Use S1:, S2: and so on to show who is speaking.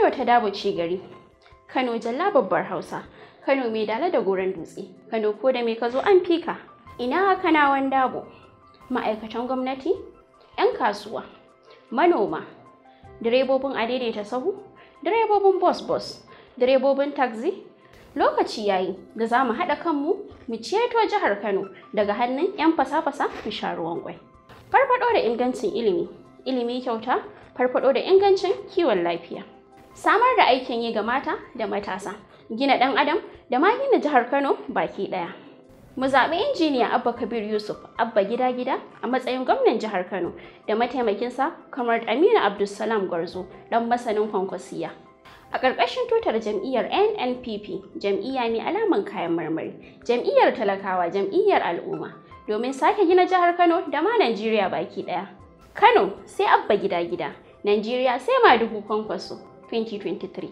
S1: Kano ta dabo ci gari. Kano jalla babbar Hausa. Kano mai dala da goron dutse. Kano ko da me ka zo an fika. Ina wan dabo. Ma'aikatan gwamnati, 'yan kasuwa, manoma, direbobin adaidaita sahu, direbobin bus-bus, direbobin taxi, lokaci yayi da za mu haɗa kanmu mu ceto jihar Kano daga hannun 'yan fasa-fasa mu sha ruwan kwai. Farfaɗo da ingancin ilimi, ilimi kyauta, farfaɗo da ingancin kiwon lafiya. samar da aikin yi ga mata da matasa gina ɗan adam da ma gina jihar kano baki ɗaya mu zaɓi injiniya abba kabir yusuf abba gida gida a matsayin gwamnan jihar kano da mataimakinsa kamar aminu abdulsalam gwarzo ɗan masanin kwankwasiya a ƙarƙashin tutar jam'iyyar nnpp jam'iyya mai alaman kayan marmari jam'iyyar talakawa jam'iyyar al'umma domin sake gina jihar kano da ma najeriya baki ɗaya kano sai abba gida gida najeriya sai ma duhu kwankwaso 2023